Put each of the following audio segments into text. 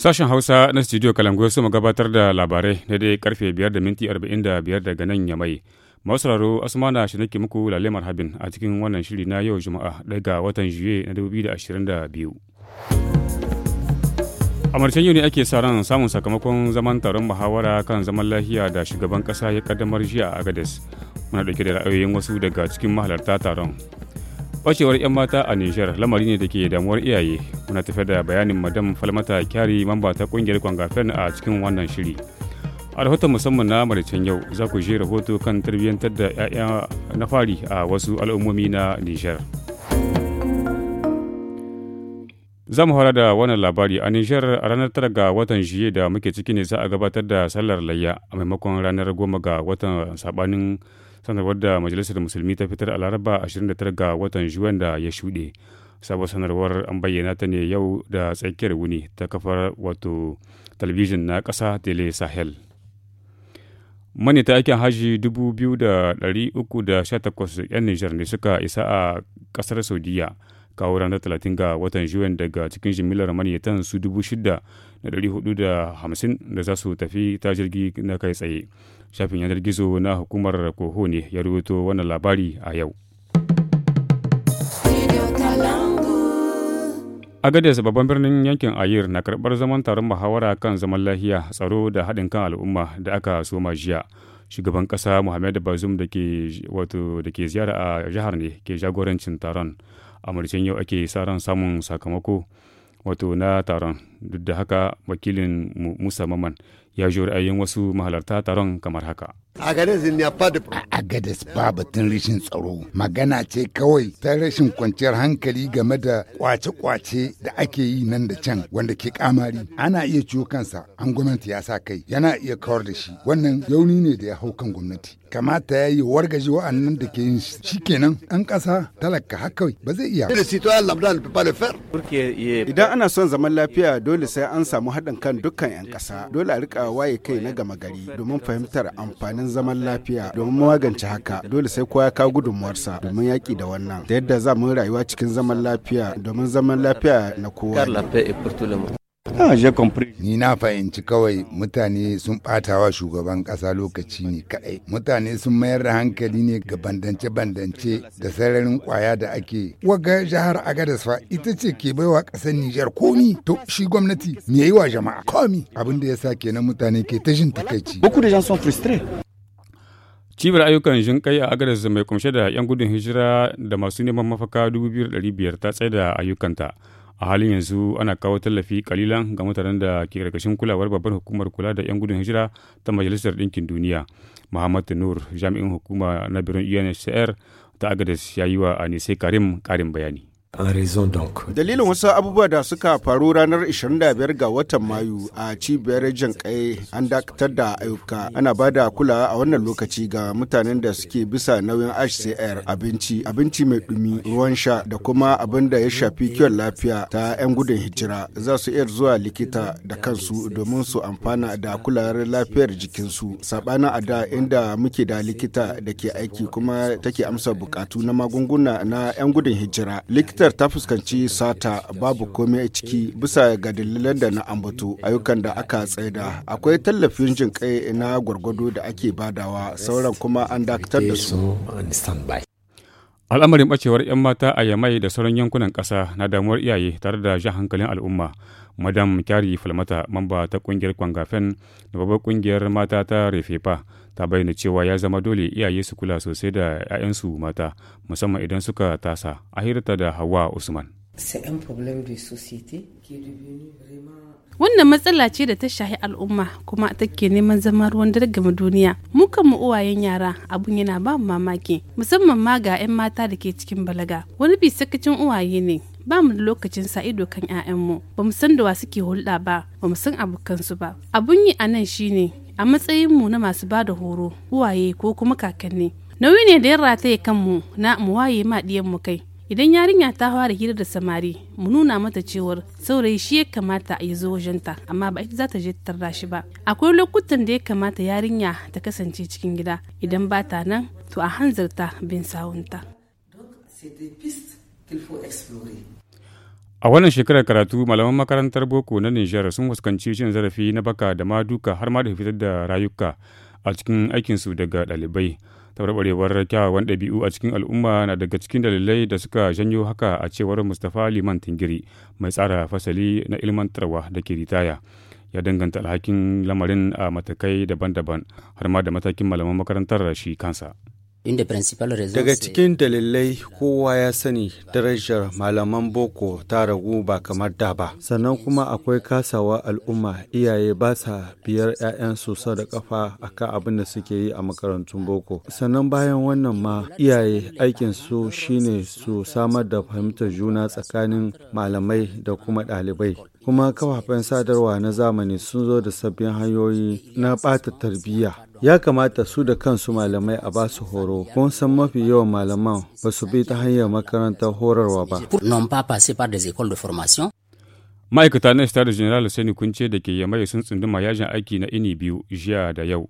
Sashen Hausa na Studio Kalango ya gabatar da labarai na dai karfe 5 da minti 45 daga nan ya mai. raro Asmana shi nake muku lalemar habin a cikin wannan shiri na yau Juma'a daga watan Juye na 2022. A marcen yau ne ake sa ran samun sakamakon zaman taron muhawara kan zaman lafiya da shugaban kasa ya kaddamar jiya a Agades. Muna dauke da ra'ayoyin wasu daga cikin mahalarta taron. bacewar 'yan mata a nijar lamari ne da ke damuwar iyaye muna tafiya da bayanin madam falmata kyari mamba ta kungiyar kwangafen a cikin wannan shiri a rahoton musamman na maricin yau za ku je rahoto kan tarbiyyantar da 'ya'ya na fari a wasu al'ummomi na nijar za mu fara da wannan labari a nijar a ranar tara ga watan shiye da muke ciki ne za a gabatar da sallar layya a maimakon ranar goma ga watan sabanin sanarwar da majalisar musulmi ta fitar a laraba 29 ga watan juwan da ya shuɗe sabon sanarwar an bayyana ta ne yau da tsakiyar wuni ta kafar wato talabijin na ƙasa tele sahel mani ta aikin hajji 2,318 'yan nijar ne suka isa a ƙasar saudiya kawo ranar talatin ga watan juyen daga cikin jimillar maniyatan su dubu da hamsin da za su tafi ta jirgi na kai tsaye shafin yanar gizo na hukumar koho ne ya rubuto wannan labari a yau agadez babban birnin yankin ayir na karbar zaman taron muhawara kan zaman lahiya tsaro da haɗin kan al'umma da aka soma jiya shugaban ƙasa muhammadu bazum da ke ziyara a jihar ne ke jagorancin taron a yau ake sa ran samun sakamako wato na taron duk da haka wakilin musa maman ya ji ra'ayin wasu mahalarta taron kamar haka. a agades ba batun rashin tsaro magana ce kawai ta rashin kwanciyar hankali game da kwace-kwace da ake yi nan da can wanda ke kamari ana iya ciwo kansa an gwamnati ya sa kai yana iya kawar da shi wannan yauni ne da ya hau kan gwamnati kamata ya yi wargaje wa'annan da ke yin shi kenan an ƙasa talaka haka ba zai iya idan ana son zaman lafiya dole sai an samu haɗin kan dukkan 'yan ƙasa dole a rika rika waye kai na gama gari domin fahimtar amfanin zaman lafiya domin magance haka dole sai kowa ya kawo gudunmuwarsa domin yaƙi da wannan da yadda za mu rayuwa cikin zaman lafiya domin zaman lafiya na kowa Ah, Ni na fahimci kawai mutane sun ɓatawa shugaban ƙasa lokaci ne kaɗai. Mutane sun mayar da hankali ne ga bandance-bandance da sararin ƙwaya da ake. Waga jihar Agadas ita ce ke baiwa ƙasar Nijar komi to shi gwamnati me yi wa jama'a komi abin da ya sa kenan mutane ke ta jin takaici. Beaucoup da jan son frustre. cibiyar ayyukan jin kai a agadas mai kumshe da 'yan gudun hijira da masu neman mafaka 2,500 ta tsaye da ayyukanta a halin yanzu ana kawo tallafi kalilan ga mutanen da ke karkashin kulawar babbar hukumar kula da 'yan gudun hijira ta majalisar ɗinkin duniya muhammad nur jami'in hukuma na biron unhcr ta agadas ya yi wa anise karim karin bayani Dalilin wasu abubuwa da suka faru ranar 25 ga watan Mayu a cibiyar jin kai an dakatar da ayyuka ana ba da kulawa a wannan lokaci ga mutanen da suke bisa nauyin HCR abinci, abinci mai dumi, ruwan sha da kuma abin da ya shafi kiwon lafiya ta 'yan gudun hijira za su iya zuwa likita da kansu domin su amfana da kulawar lafiyar jikinsu. Sabana a da inda muke da likita da ke aiki kuma take amsa bukatu na magunguna na 'yan gudun hijira. Likita ministar ta fuskanci sata babu komai a ciki bisa ga dalilan da na ambatu ayyukan da aka tsaida akwai tallafin jin kai na gwargwado da ake badawa sauran kuma an dakatar da su al'amarin bacewar 'yan mata a yamai da sauran yankunan ƙasa na damuwar iyaye tare da jan hankalin al'umma madam kyari falmata mamba ta kungiyar kwangafen da babbar kungiyar mata ta refefa ta bayyana cewa ya zama dole iyaye su kula sosai da 'ya'yansu mata musamman idan suka tasa a hirta da hawa usman Wannan matsala ce da ta shahi al'umma kuma take neman zama ruwan dargama duniya. Mu mu uwayen yara abun yana ba mu mamaki musamman ma ga 'yan mata da ke cikin balaga. Wani bi sakacin uwaye ne ba mu da lokacin sa ido kan 'ya'yanmu ba mu san da wa suke hulɗa ba ba mu san abokansu ba abun yi a nan shine a matsayin mu na masu ba da horo uwaye ko kuma kakanni nauyi ne da ya rataye kanmu na mu waye ma mu kai idan yarinya ta fara hira da samari mu nuna mata cewar saurayi shi ya kamata a zo wajenta amma ba ita za ta je tarra shi ba akwai lokutan da ya kamata yarinya ta kasance cikin gida idan ba ta nan to a hanzarta bin sawunta. A wannan shekarar karatu malaman makarantar boko na Nijar sun fuskanci cin zarafi na baka da ma duka har ma da fitar da rayuka a cikin aikinsu daga ɗalibai. Tabarbarewar kyawawan ɗabi'u a cikin al'umma na daga cikin dalilai da suka janyo haka a cewar Mustapha Liman Tingiri mai tsara fasali na ilmantarwa da ke ritaya. Ya danganta alhakin lamarin a matakai daban-daban har ma da matakin malaman makarantar shi kansa. Daga cikin dalilai kowa ya sani darajar malaman boko ta ragu ba kamar da ba. Sannan kuma akwai kasawa al'umma iyaye ba sa biyar 'ya'yan sau da kafa akan abin da suke yi a makarantun boko. Sannan bayan wannan ma iyaye aikin su shine su samar da fahimtar juna tsakanin malamai da kuma ɗalibai. Kuma kafafen sadarwa na zamani sun zo da sabbin hanyoyi na bata tarbiyya ya kamata su da kansu malamai a ba su horo kun san mafi yawan malaman ba su bi ta hanyar makarantar horarwa ba ma'aikata na star general sani kunce da ke yamai sun tsunduma yajin aiki na ini biyu jiya da yau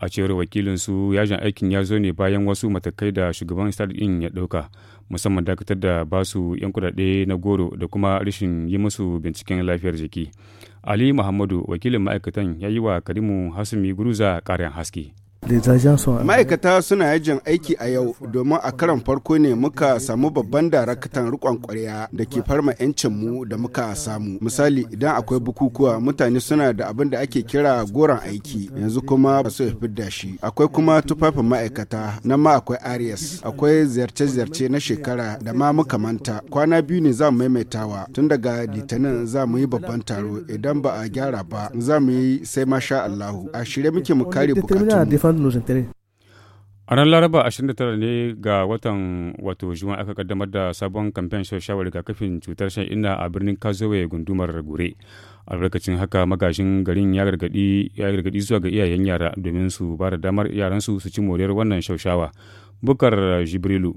a cewar wakilin su yajin aikin ya zo ne bayan wasu matakai da shugaban star din ya ɗauka musamman dakatar da basu 'yan kudade na goro da kuma rashin yi musu binciken lafiyar jiki Ali Muhammadu wakilin ma'aikatan ya yi wa Karimu Hasumi Guruza ƙarin haske. Ma'aikata suna yajin aiki a yau domin a karan farko ne muka samu babban daraktan rikon kwarya da ke farma 'yancinmu da muka samu. Misali idan akwai bukukuwa mutane suna da abin da ake kira goron aiki yanzu kuma ba su da shi. Akwai kuma tufafin ma'aikata na ma akwai Arias, akwai ziyarce-ziyarce na shekara da ma muka manta. Kwana biyu ne za mu maimaitawa tun daga litinin za mu yi babban taro idan ba a gyara ba za mu yi sai masha Allahu. A shirye muke mu kare bukatu. a ran laraba 29 ne ga watan wato juma aka kaddamar da sabon kamfen shawarar rigakafin cutar shan inna a birnin kazowe gundumar gure albarkacin haka magashin garin ya gargadi zuwa ga iyayen yara domin su ba da damar yaran su ci moriyar wannan shaushawa bukar jibrilu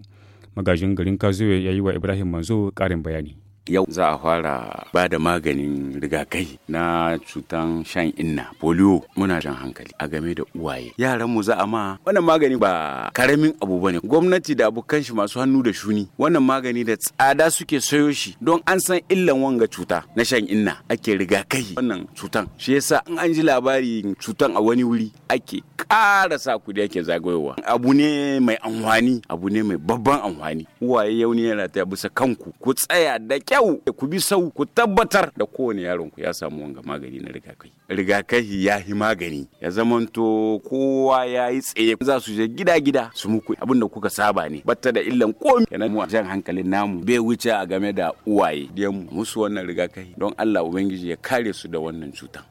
magashin garin kazowe ya yi wa ibrahim manzo karin bayani yau za a fara ba da maganin rigakai na cutan shan inna polio muna jan hankali a game da uwaye yaranmu za a ma wannan magani ba karamin abu bane gwamnati da abokan shi masu hannu da shuni wannan magani da tsada suke sayo shi don an san illan wanga cuta na shan inna ake rigakai wannan cutan shi yasa in an ji labarin cutan a wani wuri ake ƙara sa kudi ake zagayowa abu ne mai amfani abu ne mai babban amfani uwaye yau ne yana ta bisa kanku ku tsaya da kyau ku bi sau ku tabbatar da kowane yaron ku ya samu wanga magani na rigakafi rigakafi ya yi magani ya zamanto kowa ya yi tsaye za su je gida gida su muku abin da kuka saba ne batta da illan komi yana mu jan hankalin namu bai wuce a game da uwaye da mu musu wannan rigakafi don Allah ubangiji ya kare su da wannan cutan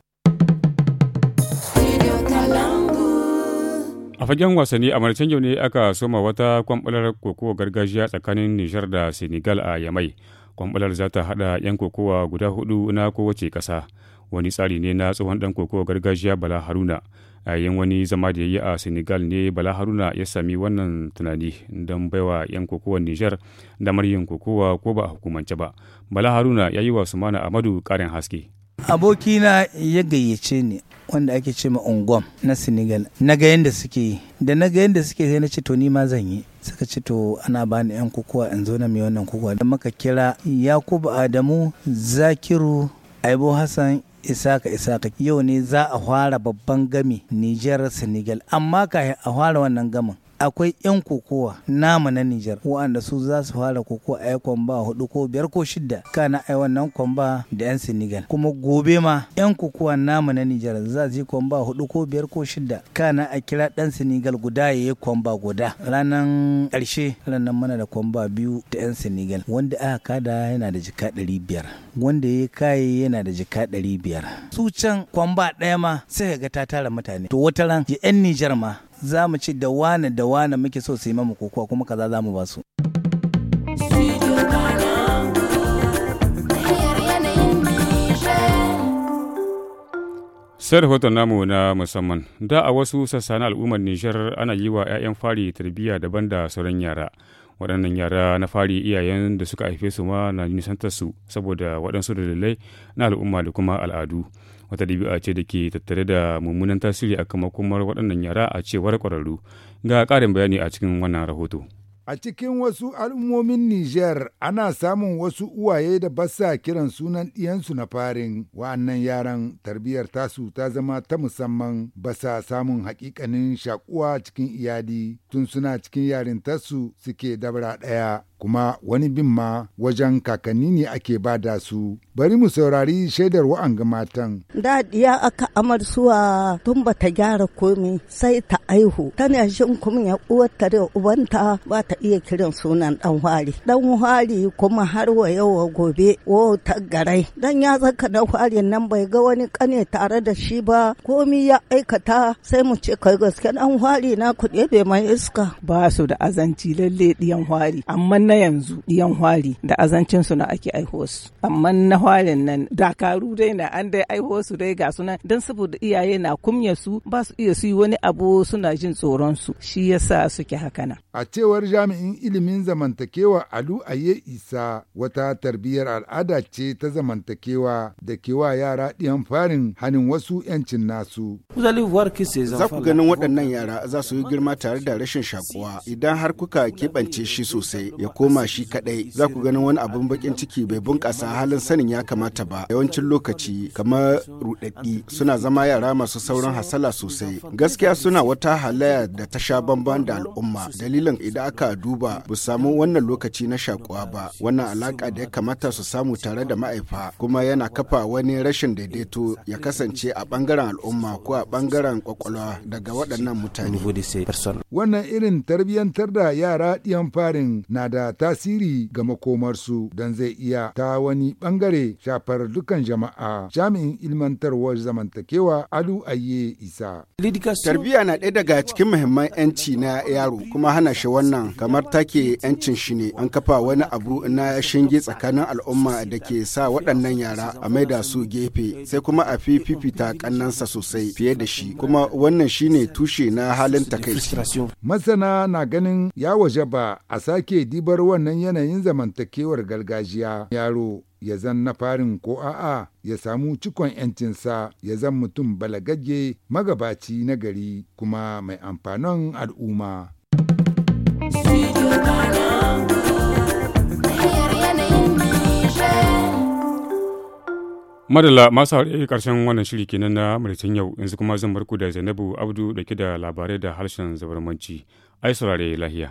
a fagen wasanni a marcin yau ne aka soma wata kwambalar koko gargajiya tsakanin nijar da senegal a yamai kwambalar za ta haɗa 'yan kokowa guda hudu na kowace ƙasa wani tsari ne na tsohon ɗan kokowa gargajiya bala haruna a yayin wani zama da ya yi a senegal ne bala haruna ya sami wannan tunani don baiwa 'yan kokowar nijar damar yin kokowa ko ba a hukumance ba bala haruna ya yi wa sumana amadu ƙarin haske abokina ya gayyace ni wanda ake ce ma ungwam na senegal na ga yadda suke yi da na ga yadda suke sai na ce to ni ma zan yi suka ce to ana bani yan kukuwa in zo na mai wannan kukuwa da muka kira yakubu adamu zakiru aibo hassan isaka isaka yau ne za a fara babban gami nijar senegal amma kahin a fara wannan gamin akwai 'yan kokowa nama na Nijar waɗanda su za su fara koko a kwamba hudu ko biyar ko shidda kana ai wannan kwamba da 'yan Senegal kuma gobe ma 'yan kokowa nama na Nijar za su yi kwamba hudu ko biyar ko shidda kana a kira dan Senegal guda ya yi kwamba guda ranar ƙarshe ranan mana da kwamba biyu da 'yan Senegal wanda aka kada yana da jika ɗari biyar wanda ya kaye yana da jika ɗari biyar su can kwamba ɗaya ma sai ga ta tara mutane to wata ran 'yan Nijar ma za mu ci da wane da wane muke so su yi mamu kokowa kuma kaza za mu ba su. sai da namu na musamman da a wasu sassa na al'ummar nijar ana yi wa 'ya'yan fari tarbiyya daban da sauran yara waɗannan yara na fari iyayen da suka haife su ma na nisantar su saboda waɗansu dalilai na al'umma da kuma al'adu wata ɗabi'a ce da ke tattare da mummunan tasiri a makomar waɗannan yara a cewar ƙwararru ga ƙarin bayani a cikin wannan rahoto. A cikin wasu al'ummomin niger ana samun wasu uwaye da basa kiran sunan ɗiyansu na farin wa'annan yaran tarbiyyar tasu ta zama ta musamman basa samun hakikanin shakuwa cikin iyali tun suna cikin yarintarsu suke dabara ɗaya. kuma wani bin ma wajen kakanni ne ake ba da su bari mu saurari shaidar ga matan da diya aka amar suwa tun bata gyara komi sai ta aihu tana shin kuma ya uwarta da ubanta ba ta iya kiran sunan dan hwari dan hwari kuma har wa yau gobe wo ta garai dan ya zaka dan hwari nan bai ga wani kane tare da shi ba komi ya aikata sai mu ce kai gaske dan hwari na kuɗe bai mai iska ba su da azanci lalle diyan hwari amma na yanzu ɗiyan hwari da azancin su na ake aiho amma na hwarin nan dakaru dai na an dai aiho su dai ga suna don saboda iyaye na kumya su ba su iya su yi wani abu suna jin tsoron su shi yasa suke haka nan a cewar jami'in ilimin zamantakewa Alu Aye Isa wata tarbiyyar al'ada ce ta zamantakewa da kewa yara ɗiyan farin hannun wasu 'yancin nasu za ku ganin waɗannan yara za su yi girma tare da rashin shakuwa idan har kuka keɓance shi sosai ya koma shi kadai za ku ganin wani abin bakin ciki bai bunƙasa halin sanin ya kamata ba yawancin lokaci kamar rudaddi suna zama yara masu sauran hasala sosai gaskiya suna wata halaya da ta sha bamban da al'umma dalilin idan aka duba bu samu wannan lokaci na shakuwa ba wannan alaka da ya kamata su samu tare da ma'aifa kuma yana kafa wani rashin daidaito ya kasance a bangaren al'umma ko a bangaren kwakwalwa daga waɗannan mutane wannan irin tarbiyyantar da yara ɗiyan farin na da a tasiri ga makomarsu don zai iya ta wani bangare shafar dukan jama'a jami'in ilmantarwar zamantakewa alu ayye isa tarbiyya na ɗaya daga cikin muhimman yanci na yaro kuma hana shi wannan kamar take yancin shi ne an kafa wani abu na shinge tsakanin al'umma da ke sa waɗannan yara a maida su gefe sai kuma a fi fifita kannansa sosai fiye da shi kuma wannan shine tushe na halin takaici masana na ganin ya waje ba a sake dibar bar wannan yanayin zamantakewar gargajiya yaro ya zan na farin ko a'a ya samu cikon yancinsa ya zan mutum balagagge magabaci nagari kuma mai amfanin al'umma. madalla masu haɗe ƙarshen wannan shiri kenan na maritin yau yanzu kuma zan barku da zainabu abdu ke da labarai da harshen zabarmanci ai saurare lahiya